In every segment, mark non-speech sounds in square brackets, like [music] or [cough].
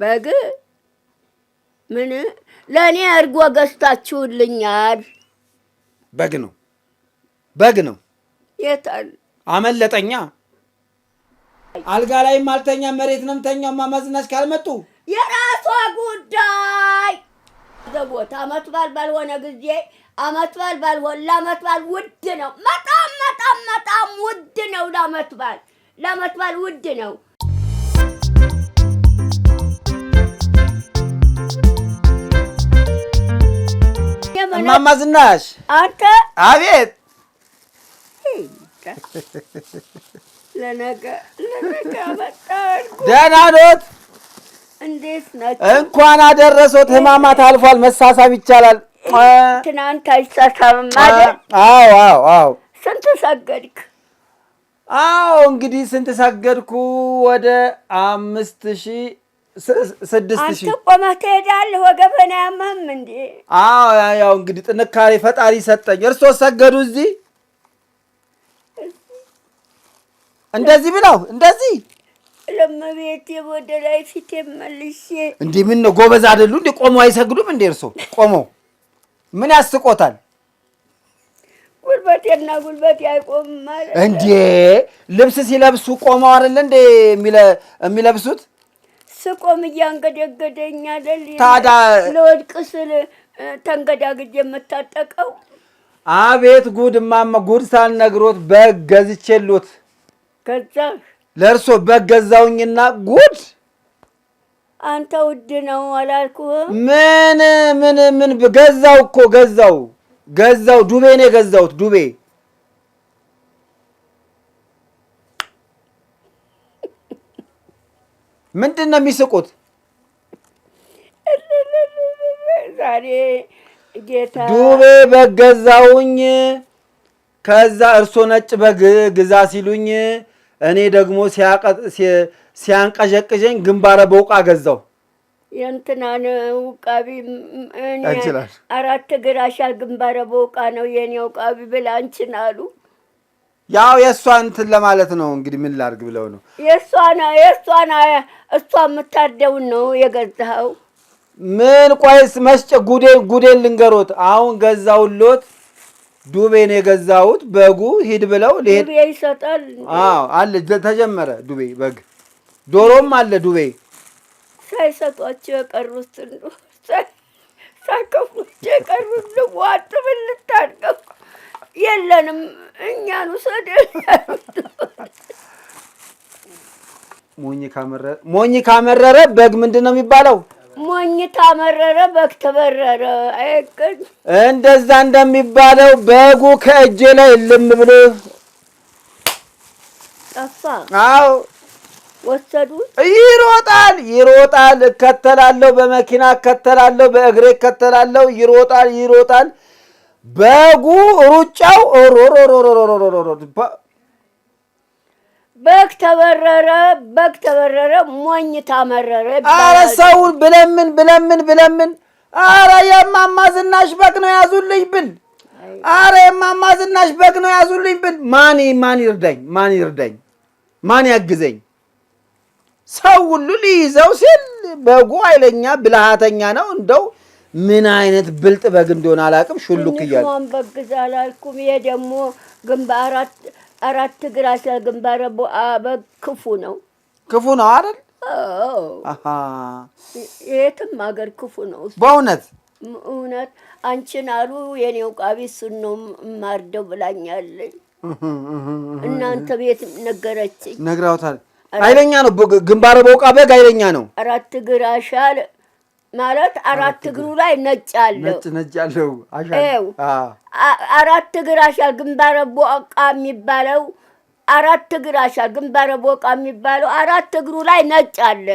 በግ ምን ለእኔ እርጎ ገዝታችሁልኛል። በግ ነው በግ ነው። የታል አመለጠኛ። አልጋ ላይም አልተኛ መሬት ነው የምተኛው። ማመዝነሽ ካልመጡ የራሷ ጉዳይ ዘቦት አመት በዓል ባልሆነ ጊዜ አመት በዓል ባልሆነ ለአመት በዓል ውድ ነው። በጣም በጣም በጣም ውድ ነው። ለአመት በዓል ለአመት በዓል ውድ ነው። እማማ ዝናሽ አንተ አቤት ለነገ ደህና ኖት እንዴት ናቸው እንኳን አደረሶት ህማማት አልፏል መሳሳብ ይቻላል ትናንት አይሳሳብም አይደል አዎ አዎ አዎ ስንት ሰገድክ አዎ እንግዲህ ስንት ሰገድኩ ወደ አምስት ሺህ ስድስት ሺህ ቆመህ ትሄዳለህ። ወገብህን አያመህም እንዴ? አዎ፣ ያው እንግዲህ ጥንካሬ ፈጣሪ ሰጠኝ። እርሶ ሰገዱ እዚህ እንደዚህ ብለው እንደዚህ ለመቤት ወደ ላይ ፊት መልሼ እንዲህ ምን ነው ጎበዝ አይደሉ እንዴ? ቆመው አይሰግዱም እንዴ? እርሶ ቆመው ምን ያስቆታል? ጉልበቴና ጉልበቴ አይቆምም ማለት እንዴ? ልብስ ሲለብሱ ቆመው አይደለ እንዴ የሚለብሱት? ስቆም እያንገደገደኝ አለል። ታዲያ ለወድቅ ስል ተንገዳግጄ የምታጠቀው። አቤት ጉድ እማማ፣ ጉድ ሳልነግሮት በግ ገዝቼሎት ከዛ ለእርሶ በግ ገዛውኝና ጉድ አንተ ውድ ነው አላልኩህ? ምን ምን ምን ገዛው እኮ ገዛው ገዛው ዱቤ ነው የገዛሁት ዱቤ ምንድን ነው የሚስቁት? ዛሬ ጌታ ዱቤ በግ ገዛውኝ፣ ከዛ እርሶ ነጭ በግ ግዛ ሲሉኝ እኔ ደግሞ ሲያንቀዠቅዠኝ ግንባረ በውቃ ገዛው። የእንትናን ውቃቢ አራት እግር ግንባረ በውቃ ነው የኔ ውቃቢ ብላ አንቺን አሉ። ያው የእሷን እንትን ለማለት ነው እንግዲህ ምን ላድርግ ብለው ነው የእሷን የእሷን እሷ የምታደውን ነው የገዛኸው? ምን ቆይስ መስጨ ጉዴን ጉዴን ልንገሮት። አሁን ገዛውሎት ዱቤን ነው የገዛሁት። በጉ ሂድ ብለው ዱቤ ይሰጣል። አዎ አለ ተጀመረ ዱቤ በግ ዶሮም አለ ዱቤ ሳይሰጧቸው የቀሩት ሳይከፍሉት የቀሩት ልዋጥ ብልታርገው የለንም እኛን ውሰድ ሞኝ ካመረረ በግ ምንድን ነው የሚባለው? ሞኝ ካመረረ በግ ተበረረ። እንደዛ እንደሚባለው በጉ ከእጅ ላይ ልም ብሎ ጠፋ። አዎ ወሰዱት። ይሮጣል ይሮጣል፣ እከተላለሁ፣ በመኪና እከተላለሁ፣ በእግሬ እከተላለሁ። ይሮጣል ይሮጣል፣ በጉ ሩጫው በግ ተበረረ፣ በግ ተበረረ፣ ሞኝ ታመረረ። አረ ሰው ብለምን ብለምን ብለምን፣ አረ የማማ ዝናሽ በግ ነው ያዙልኝ ብል፣ አረ የማማ ዝናሽ በግ ነው ያዙልኝ ብል፣ ማን ማን ይርዳኝ፣ ማን ይርዳኝ፣ ማን ያግዘኝ? ሰው ሁሉ ሊይዘው ሲል በጉ አይለኛ ብልሃተኛ ነው። እንደው ምን አይነት ብልጥ በግ እንደሆነ አላውቅም። ሹሉክ እያለ በግ አላልኩም። ይሄ ደግሞ ግንባራት አራት እግር አስራ ግንባር በግ ክፉ ነው፣ ክፉ ነው አይደል? የትም ሀገር ክፉ ነው በእውነት እውነት። አንቺን አሉ የኔው ቃቢ ስኖ ማርደው ብላኛለኝ። እናንተ ቤት ነገረችኝ። ነግራውታል። አይለኛ ነው ግንባረ በውቃ በግ ኃይለኛ ነው። አራት እግር አሻል ማለት አራት እግሩ ላይ ነጭ አለው፣ ነጭ ነጭ አለው። አራት እግር አሻል ግንባረ ቦቃ የሚባለው አራት እግር አሻል ግንባረ ቦቃ የሚባለው አራት እግሩ ላይ ነጭ አለ።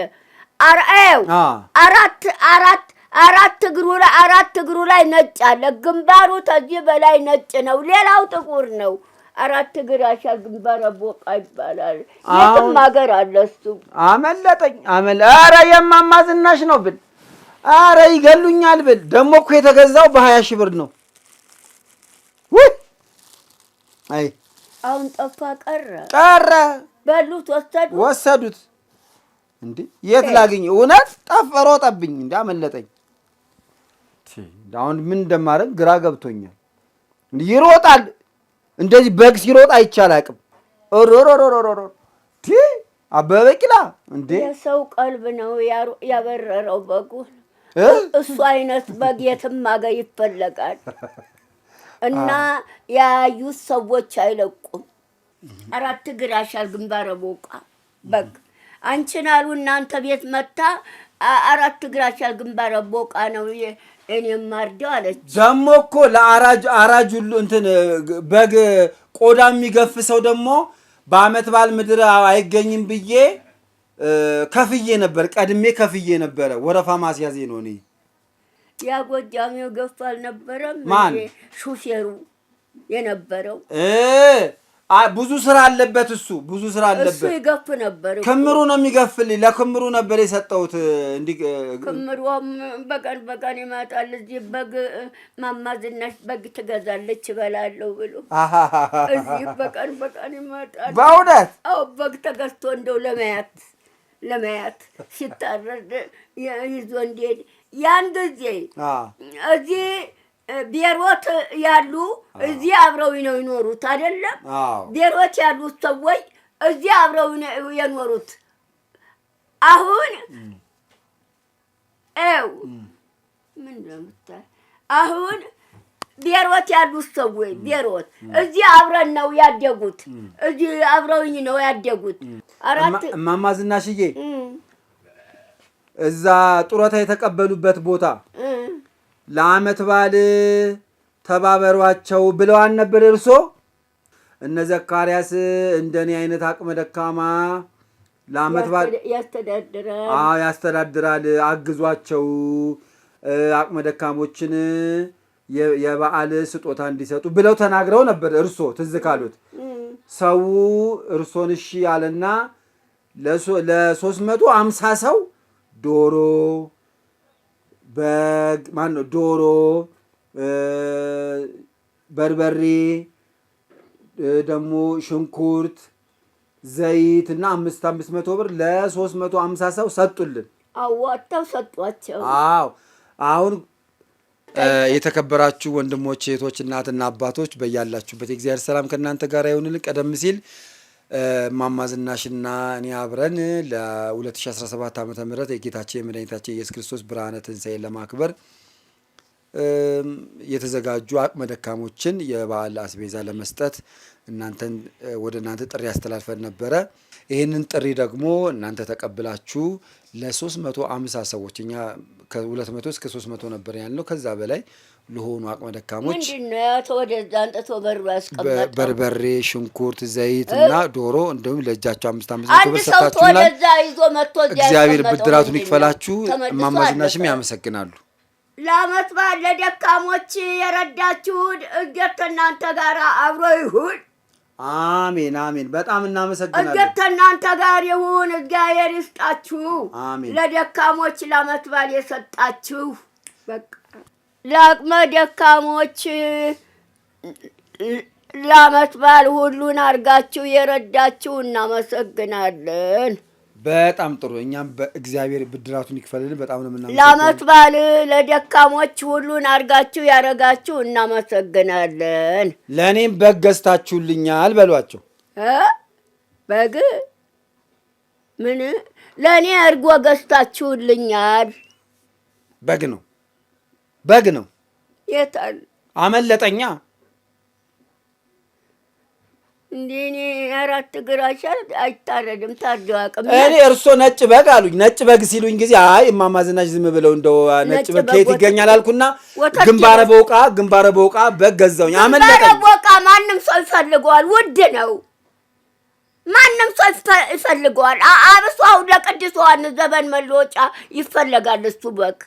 አርአው አራት አራት አራት እግሩ ላይ አራት እግሩ ላይ ነጭ አለ። ግንባሩ ከዚህ በላይ ነጭ ነው። ሌላው ጥቁር ነው። አራት እግር አሻል ግንባረ ቦቃ ይባላል። የትም ሀገር አለ። እሱ አመለጠኝ አመለ አረ የማማዝናሽ ነው ብል አረ ይገሉኛል ብል ደግሞ እኮ የተገዛው በሀያ ሺህ ብር ነው። አይ አሁን ጠፋ ቀረ ቀረ በሉት ወሰዱት ወሰዱት። እንዴ የት ላግኝ? እውነት ጠፍ ሮጠብኝ፣ እንደ አመለጠኝ። አሁን ምን እንደማደርግ ግራ ገብቶኛል። ይሮጣል እንደዚህ በግ ሲሮጥ አይቻል አቅም ሮሮሮሮሮ አበበ ቂላ እንዴ የሰው ቀልብ ነው ያበረረው በጉ። እሱ አይነት በግ የትም አገ ይፈለጋል። [laughs] እና ያዩት ሰዎች አይለቁም። አራት እግር አሻል ግንባረ ቦቃ በግ አንቺን አሉ እናንተ ቤት መታ አራት እግር አሻል ግንባረ ቦቃ ነው እኔ ማርደው አለች። ደግሞ እኮ ለአራጅ አራጅ ሁሉ እንትን በግ ቆዳ የሚገፍ ሰው ደግሞ በአመት በዓል ምድር አይገኝም ብዬ ከፍዬ ነበር፣ ቀድሜ ከፍዬ ነበረ። ወረፋ ማስያዜ ነው እኔ ያጎጃሚው ገፋ አልነበረም ሹፌሩ የነበረው ብዙ ስራ አለበት። እሱ ብዙ ስራ አለበት። እሱ ይገፍ ነበር። ክምሩ ነው የሚገፍልኝ። ለክምሩ ነበር የሰጠሁት። እንዲህ ክምሩም በቀን በቀን ይመጣል። እዚህ በግ ማማዝናሽ በግ ትገዛለች እበላለሁ ብሎ እዚህ በቀን በቀን ይመጣል። በእውነት አዎ፣ በግ ተገዝቶ እንደው ለመያት ለመያት ሲታረድ ይዞ እንዲሄድ ያን ጊዜ እዚህ ቤሮት ያሉ እዚህ አብረው ነው ይኖሩት አይደለም። ቤሮት ያሉት ሰዎች እዚህ አብረው ነው የኖሩት። አሁን ው ምን ለምታይ አሁን ቤሮት ያሉት ሰዎች ቤሮት እዚህ አብረን ነው ያደጉት። እዚህ አብረውኝ ነው ያደጉት። እማማ ዝናሽዬ እዛ ጡረታ የተቀበሉበት ቦታ ለአመት በዓል ተባበሯቸው ብለዋን ነበር። እርሶ እነ ዘካርያስ እንደኔ አይነት አቅመ ደካማ ለአመት በዓል ያስተዳድራል፣ አግዟቸው አቅመ ደካሞችን የበዓል ስጦታ እንዲሰጡ ብለው ተናግረው ነበር። እርሶ ትዝ ካሉት ሰው እርሶን እሺ ያለና ለሶስት መቶ አምሳ ሰው ዶሮ በግ ማነው ዶሮ በርበሬ ደግሞ ሽንኩርት፣ ዘይት እና አምስት አምስት መቶ ብር ለሶስት መቶ አምሳ ሰው ሰጡልን። አዋጣው ሰጧቸው። አዎ አሁን የተከበራችሁ ወንድሞች፣ እህቶች፣ እናትና አባቶች በያላችሁበት የእግዚአብሔር ሰላም ከእናንተ ጋር ይሁንልን። ቀደም ሲል ማማዝናሽና እኔ አብረን ለ2017 ዓ ም የጌታችን የመድኃኒታችን ኢየሱስ ክርስቶስ ብርሃነ ትንሣኤ ለማክበር የተዘጋጁ አቅመ ደካሞችን የበዓል አስቤዛ ለመስጠት እናንተን ወደ እናንተ ጥሪ ያስተላልፈን ነበረ። ይህንን ጥሪ ደግሞ እናንተ ተቀብላችሁ ለ350 ሰዎች እኛ ከ200 እስከ 300 ነበር ያለው። ከዛ በላይ ለሆኑ አቅመ ደካሞች በርበሬ፣ ሽንኩርት፣ ዘይት እና ዶሮ እንዲሁም ለእጃቸው አምስት አምስት መቶ ብር ሰጥታችሁናል። እግዚአብሔር ብድራቱን ይክፈላችሁ። እማማ ዝናሽም ያመሰግናሉ። ለአመት በዓል ለደካሞች የረዳችሁን እገት ከእናንተ ጋር አብሮ ይሁን። አሜን አሜን። በጣም እናመሰግናለን። እድገት ከእናንተ ጋር ይሁን። እግዚአብሔር ይስጣችሁ። ለደካሞች ለዓመት በዓል የሰጣችሁ ለአቅመ ደካሞች ለዓመት በዓል ሁሉን አድርጋችሁ የረዳችሁ እናመሰግናለን። በጣም ጥሩ። እኛም በእግዚአብሔር ብድራቱን ይክፈልልን። በጣም ነው ምና ለአመት በዓል ለደካሞች ሁሉን አድርጋችሁ ያደረጋችሁ እናመሰግናለን። ለእኔም በግ ገዝታችሁልኛል በሏቸው። በግ ምን ለእኔ እርጎ ገዝታችሁልኛል። በግ ነው በግ ነው። የታል አመለጠኛ እንዴኔ አራት እግር አይታረድም ታርዶ አቅም እኔ እርሶ ነጭ በግ አሉኝ። ነጭ በግ ሲሉኝ ጊዜ አይ እማማ ዝናሽ ዝም ብለው እንደው ነጭ በግ ከየት ይገኛል አልኩና ግንባረ በውቃ ግንባረ በውቃ በግ ገዛውኝ። በውቃ ማንም ሰው ይፈልገዋል፣ ውድ ነው። ማንም ሰው ይፈልገዋል። አብሶ አሁን ዘመን መለወጫ ይፈለጋል እሱ በግ።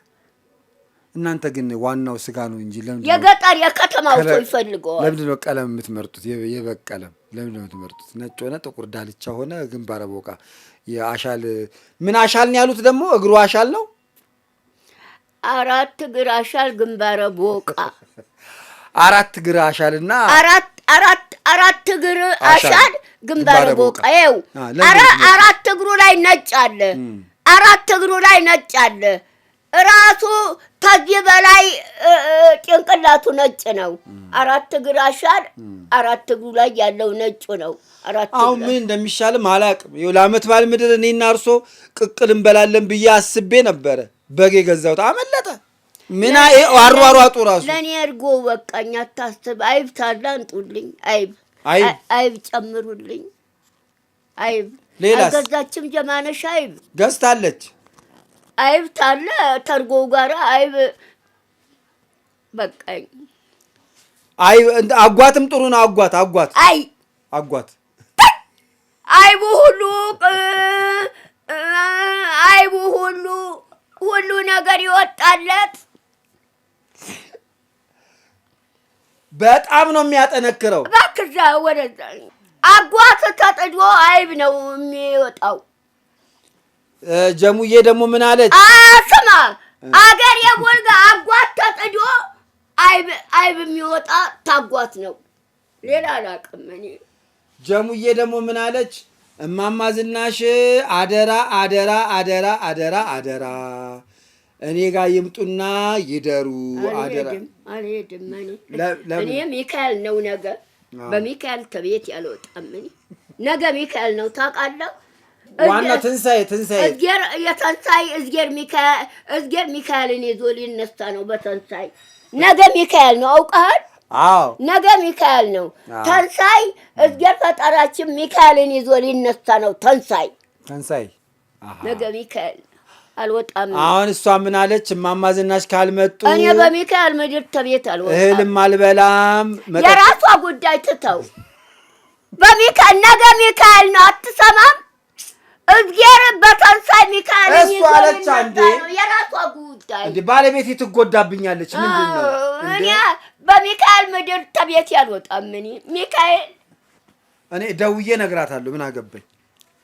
እናንተ ግን ዋናው ስጋ ነው እንጂ ለምንድን ነው የገጠር የከተማው ሰው ይፈልገዋል? ለምንድን ነው ቀለም የምትመርጡት? የበግ ቀለም ለምንድን ነው የምትመርጡት? ነጭ ሆነ ጥቁር ዳልቻ ሆነ ግንባረ ቦቃ የአሻል ምን አሻል ነው ያሉት? ደግሞ እግሩ አሻል ነው። አራት እግር አሻል ግንባረ ቦቃ [laughs] አራት እግር አሻልና አራት አራት አራት እግር አሻል ግንባረ ቦቃ ይኸው አራት እግሩ ላይ ነጭ አለ። አራት እግሩ ላይ ነጭ አለ። ራሱ ከዚህ በላይ ጭንቅላቱ ነጭ ነው። አራት እግር አሻል አራት እግሩ ላይ ያለው ነጭ ነው። አሁን ምን እንደሚሻልም አላቅም። ለአመት ባል ምድር እኔና እርሶ ቅቅል እንበላለን ብዬ አስቤ ነበረ። በግ የገዛሁት አመለጠ። ምን አሯሯጡ ራሱ ለእኔ እርጎ በቃኝ። አታስብ። አይብ ታላ እንጡልኝ። አይብ አይብ ጨምሩልኝ። አይብ ሌላ ገዛችም ጀማነሽ አይብ ገዝታለች አይብ ታለ ተርጎ ጋር አይብ በቃኝ። አይብ አጓትም ጥሩ ነው። አጓት አጓት አይ አጓት አይቡ ሁሉ አይቡ ሁሉ ሁሉ ነገር ይወጣለት። በጣም ነው የሚያጠነክረው። እባክህ እዛ ወደዛ አጓት ተጥዶ አይብ ነው የሚወጣው። ጀሙዬ ደግሞ ምን አለች? ስማ አገር የቦልጋ አጓት ተጥዶ አይብ የሚወጣ ታጓት ነው። ሌላ አላውቅም እኔ። ጀሙዬ ደግሞ ምን አለች? እማማ ዝናሽ አደራ አደራ አደራ አደራ አደራ እኔ ጋር ይምጡና ይደሩ። አደራ አልሄድም እኔ ሚካኤል ነው ነገ። በሚካኤል ከቤት ያልወጣም እኔ። ነገ ሚካኤል ነው ታውቃለህ ዋና ትንሣኤ ትንሣኤ እዝጌር የተንሣኤ እዝጌር ሚካኤል እዝጌር ሚካኤልን ይዞ ሊነሳ ነው። በተንሣኤ ነገ ሚካኤል ነው አውቀሃል? አዎ ነገ ሚካኤል ነው። ተንሣኤ እዝጌር ፈጣራችን ሚካኤልን ይዞ ሊነሳ ነው። ተንሣኤ ተንሣኤ ነገ ሚካኤል አልወጣም። አሁን እሷ ምን አለች? እማማ ዝናሽ ካልመጡ እኔ በሚካኤል ምድር ተቤት አልወጣም፣ እህልም አልበላም። የራሷ ጉዳይ ትተው በሚካኤል ነገ ሚካኤል ነው። አትሰማም እግዜር በተንሳይ ሚካኤል እሱ አለች። አንዴ የራሷ ጉዳይ እንዴ ባለቤቴ ትጎዳብኛለች። ምንድን ነው እኔ በሚካኤል ምድር ተቤት ያልወጣም። እኔ ሚካኤል እኔ ደውዬ እነግራታለሁ። ምን አገባኝ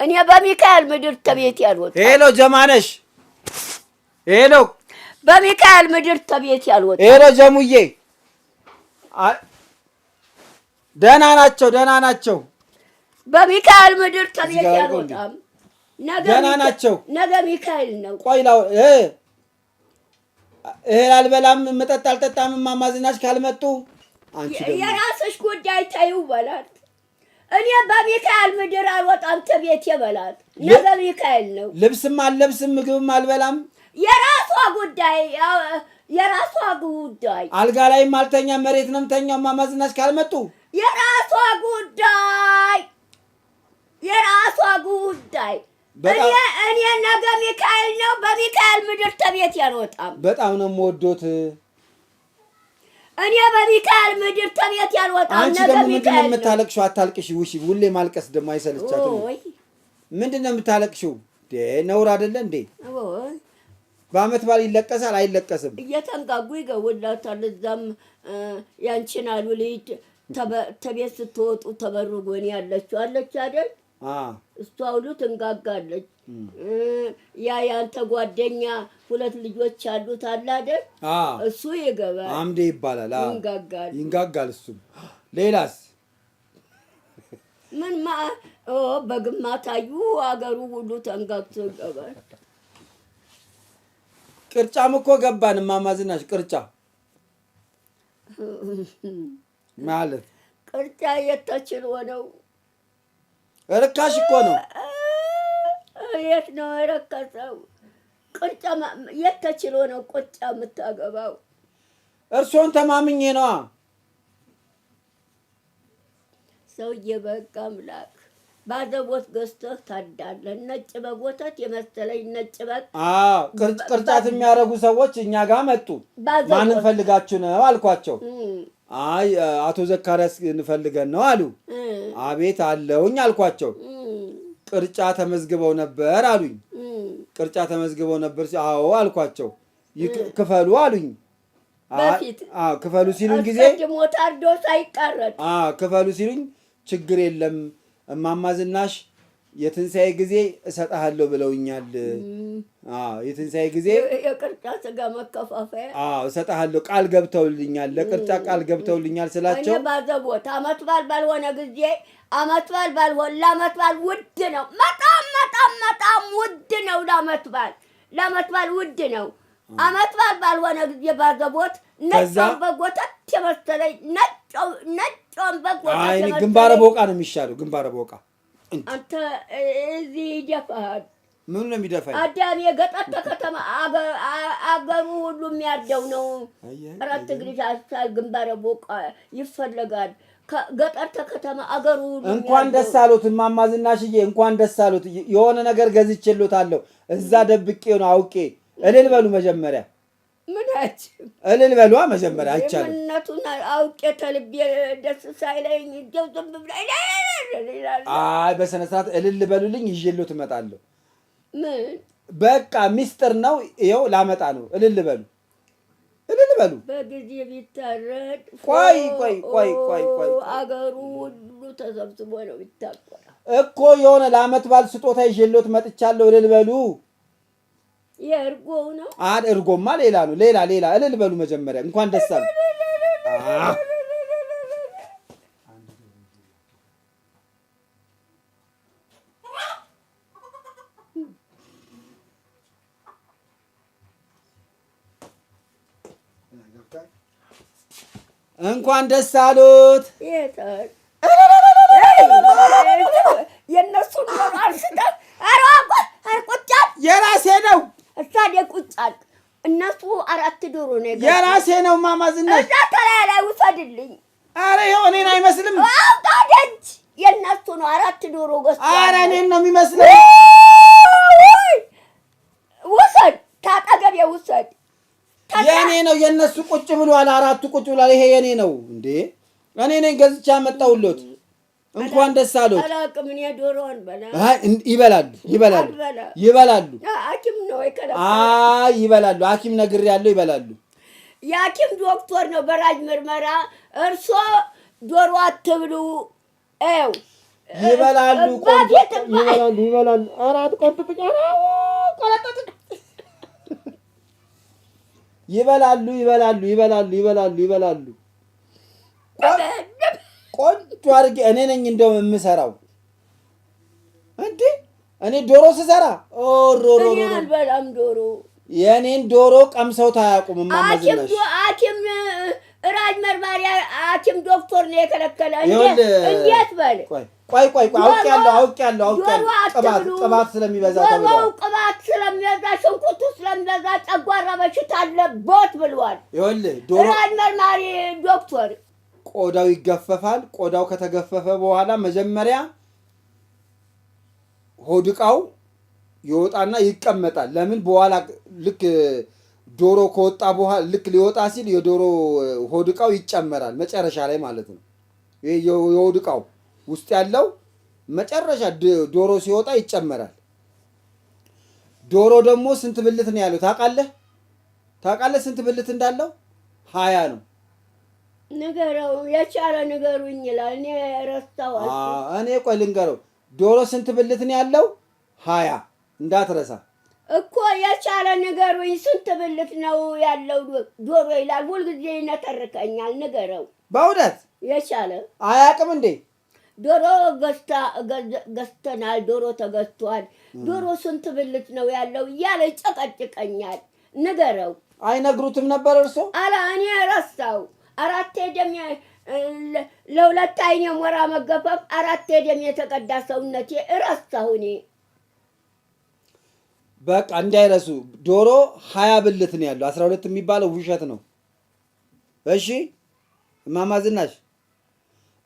እኔ በሚካኤል ምድር ተቤት ሄሎ ጀማነሽ፣ ሄሎ በሚካኤል ምድር ተቤት ሄሎ ጀሙዬ፣ ደህና ናቸው፣ ደህና ናቸው። በሚካኤል ምድር ተቤት ያልወጣም ገና ናቸው። ነገ ሚካኤል ነው። ቆይ ላው እህል አልበላም፣ መጠጥ አልጠጣም። እማማ ዝናሽ ካልመጡ አንቺ የራስሽ ጉዳይ ተይው በላት። እኔ በሚካኤል ምድር አልወጣም ተቤት የበላት። ነገ ሚካኤል ነው። ልብስም አልለብስም፣ ምግብም አልበላም። የራሷ ጉዳይ የራሷ ጉዳይ። አልጋ ላይም አልተኛም፣ መሬት ነው የምተኛው። እማማ ዝናሽ ካልመጡ የራሷ ጉዳይ የራሷ ጉዳይ እኔ ነገ ሚካኤል ነው። በሚካኤል ምድር ተቤት ያልወጣም። በጣም ነው የምወዶት። እኔ በሚካኤል ምድር ተቤት ያልወጣም። አንቺ ደግሞ ምንድን ነው የምታለቅሽው? አታልቅሽ። ውሽ ሁሌ ማልቀስ ደግሞ አይሰለቻት። ምንድን ነው የምታለቅሽው? ነውር አይደለ እንዴ? በአመት በዓል ይለቀሳል አይለቀስም? እየተንጋጉ ይገቡላታል። እዛም ያንቺን አሉ ልጅ ተቤት ስትወጡ ተበርጎን ያለችው አለች አይደል እሷ ሁሉ ትንጋጋለች። ያ ያንተ ጓደኛ ሁለት ልጆች አሉት አለ አይደል? እሱ ይገባል። አምዴ ይባላል። ይንጋጋል ይንጋጋል። እሱም ሌላስ ምን ማ በግማታዩ አገሩ ሁሉ ተንጋግቶ ይገባል። ቅርጫም እኮ ገባን። እማማ ዝናሽ ቅርጫ [laughs] ማለት ቅርጫ የተችል ሆነው ርካሽ እኮ ነው። የት ነው የረከሰው? ቁጫ የት ተችሎ ነው ቁጫ የምታገባው? እርሶን ተማምኜ ነዋ። ሰውዬ በግ አምላክ ባዘቦት ገዝተህ ታዳለህ። ነጭ በግ ወተት የመሰለኝ ነጭ በግ ቅርጫት የሚያደርጉ ሰዎች እኛ ጋር መጡ። ማንን ፈልጋችሁ ነው አልኳቸው። አይ አቶ ዘካሪያስ እንፈልገን ነው አሉ። አቤት አለውኝ አልኳቸው። ቅርጫ ተመዝግበው ነበር አሉኝ። ቅርጫ ተመዝግበው ነበር? አዎ አልኳቸው። ክፈሉ አሉኝ። ክፈሉ ሲሉኝ ጊዜ ክፈሉ ሲሉኝ ችግር የለም እማማ ዝናሽ የትንሣኤ ጊዜ እሰጥሃለሁ ብለውኛል። የትንሣኤ ጊዜ የቅርጫ ስጋ መከፋፈያ እሰጥሃለሁ ቃል ገብተውልኛል፣ ለቅርጫ ቃል ገብተውልኛል ስላቸው ባዘቦት አመት በዓል ባልሆነ ጊዜ አመት በዓል ባልሆነ ለአመት በዓል ውድ ነው። መጣም መጣም መጣም ውድ ነው። ለአመት በዓል ለአመት በዓል ውድ ነው። አመት በዓል ባልሆነ ጊዜ ባዘቦት ነጭ ወንበግ ወተት የመሰለኝ ነጫን በጎ ግንባረ ቦቃ ነው የሚሻለው ግንባረ ቦቃ አንተ እዚህ ይደፋል። ምን ነው የሚደፋኝ? አዳሜ ገጠር ተከተማ አገሩ ሁሉ የሚያደው ነው። አራት ግሪሽ አስቻል ግንባር ቦቃ ይፈለጋል። ገጠር ተከተማ አገሩ ሁሉ እንኳን ደስ አሉት። እማማ ዝናሽዬ እንኳን ደስ አሉት። የሆነ ነገር ገዝቼሎታለሁ። እዛ ደብቄ ነው አውቄ እልል በሉ መጀመሪያ ምናችን እልል በሏ መዘመር አይቻልም። ምነቱን አውቄ ተልቤ ደስ ሳይለኝ እንደው ዝም ብላ አይ በስነ ስርዓት እልል በሉልኝ ይዤለው ትመጣለሁ። ምን በቃ ሚስጥር ነው። ይኸው ላመጣ ነው። እልል በሉ እልል በሉ። በጊዜ ቢታረድ ቆይ ቆይ ቆይ ቆይ ቆይ አገሩ ሁሉ ተሰብስቦ ነው ቢታቆራ እኮ የሆነ ለአመት ባል ስጦታ ይዤለት መጥቻለሁ። እልል በሉ የእርጎው እርጎማ ሌላ ነው። ሌላ ሌላ እልል በሉ መጀመሪያ እንኳን ደስ አለ። እንኳን ደስ አሉት። የእነሱን ነው የራሴ ነው ታዲያ ቁጭ እነሱ አራት ዶሮ ነው የራሴ ነው። እማማ ዝናሽ እዛ ተለያ ላይ ውሰድልኝ። አረ ይኸው እኔን አይመስልም። ታዲያ የእነሱ ነው አራት ዶሮ ገዝቶ። አረ እኔን ነው የሚመስለው። ውሰድ፣ ታጠገቤ ውሰድ። የእኔ ነው። የእነሱ ቁጭ ብሏል። አራቱ ቁጭ ብሏል። ይሄ የእኔ ነው እንዴ! እኔ ነኝ ገዝቼ አመጣሁልዎት። እንኳን ደስ አለው። ይበላሉ ይበላሉ ይበላሉ ነው አይ ይበላሉ። ሐኪም ነግር ያለው ይበላሉ። የሐኪም ዶክተር ነው በራጅ ምርመራ እርሶ ዶሮ አትብሉ ው ይበላሉ ይበላሉ ይበላሉ። አራት ቆንጥጥ ይበላሉ ይበላሉ ይበላሉ ይበላሉ ይበላሉ ቆንጆ አድርጌ እኔ ነኝ እንደውም የምሰራው። እንዴ እኔ ዶሮ ስሰራ ሮሮ አልበላም ዶሮ የእኔን ዶሮ ቀምሰውት አያውቁም። ማመዝነሽ ሐኪም ራጅ መርማሪ ሐኪም ዶክተር ነው የከለከለ። እንዴት በል ቆይ ቆይ ቆይ፣ አውቄያለሁ አውቄያለሁ አውቄያለሁ። ቅባት ቅባት ስለሚበዛ ተብሏል። ቅባት ስለሚበዛ ሽንኩርቱ ስለሚበዛ ጨጓራ በሽታ አለቦት ብሏል። ይኸውልህ ዶሮ ራጅ መርማሪ ዶክተር ቆዳው ይገፈፋል። ቆዳው ከተገፈፈ በኋላ መጀመሪያ ሆድ እቃው ይወጣና ይቀመጣል። ለምን በኋላ ልክ ዶሮ ከወጣ በኋላ ልክ ሊወጣ ሲል የዶሮ ሆድ ይጨመራል መጨረሻ ላይ ማለት ነው። የሆድ ውስጥ ያለው መጨረሻ ዶሮ ሲወጣ ይጨመራል። ዶሮ ደግሞ ስንት ብልት ነው ያለው ታውቃለህ? ታውቃለህ ስንት ብልት እንዳለው ሀያ ነው። ንገረው የቻለ ንገሩኝ ይላል። እኔ ረስታዋል። እኔ ቆይ ልንገረው። ዶሮ ስንት ብልት ነው ያለው? ሀያ እንዳትረሳ እኮ የቻለ ንገሩኝ። ስንት ብልት ነው ያለው ዶሮ ይላል። ሁልጊዜ ይነተርከኛል። ንገረው በእውነት የቻለ አያውቅም እንዴ? ዶሮ ገዝተናል፣ ዶሮ ተገዝቷል፣ ዶሮ ስንት ብልት ነው ያለው እያለ ጨቀጭቀኛል። ንገረው። አይነግሩትም ነበር እርሶ? አላ እኔ ረሳው አራት ደም ለሁለት አይኔ ሞራ መገፈፍ አራት ደም የተቀዳ ሰውነቴ እረሳሁኔ። በቃ እንዳይረሱ። ዶሮ ሀያ ብልት ነው ያለው። አስራ ሁለት የሚባለው ውሸት ነው። እሺ እማማ ዝናሽ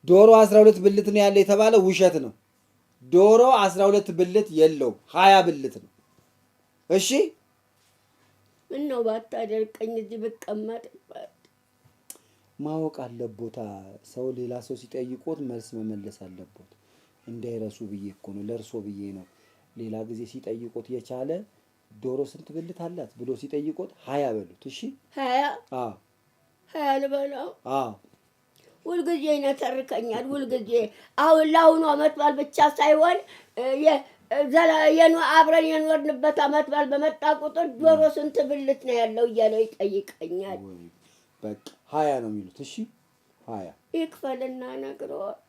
ዶሮ አስራ ሁለት ብልት ነው ያለው የተባለው ውሸት ነው። ዶሮ አስራ ሁለት ብልት የለውም፣ ሀያ ብልት ነው። እሺ ምነው ባታደርቀኝ እዚህ ብቀመጥ ማወቅ አለቦት። ሰው ሌላ ሰው ሲጠይቆት መልስ መመለስ አለቦት። እንዳይረሱ ብዬ እኮ ነው ለእርሶ ብዬ ነው። ሌላ ጊዜ ሲጠይቆት የቻለ ዶሮ ስንት ብልት አላት ብሎ ሲጠይቆት ሀያ በሉት። እሺ ሀያ ሀያ ልበለው። ሁልጊዜ ይነተርከኛል። ሁልጊዜ አሁን ለአሁኑ አመት በዓል ብቻ ሳይሆን አብረን የኖርንበት አመት በዓል በመጣ ቁጥር ዶሮ ስንት ብልት ነው ያለው እያለው ይጠይቀኛል። በቃ ሀያ ነው የሚሉት። እሺ ሀያ ይክፈልና ነግረዋል።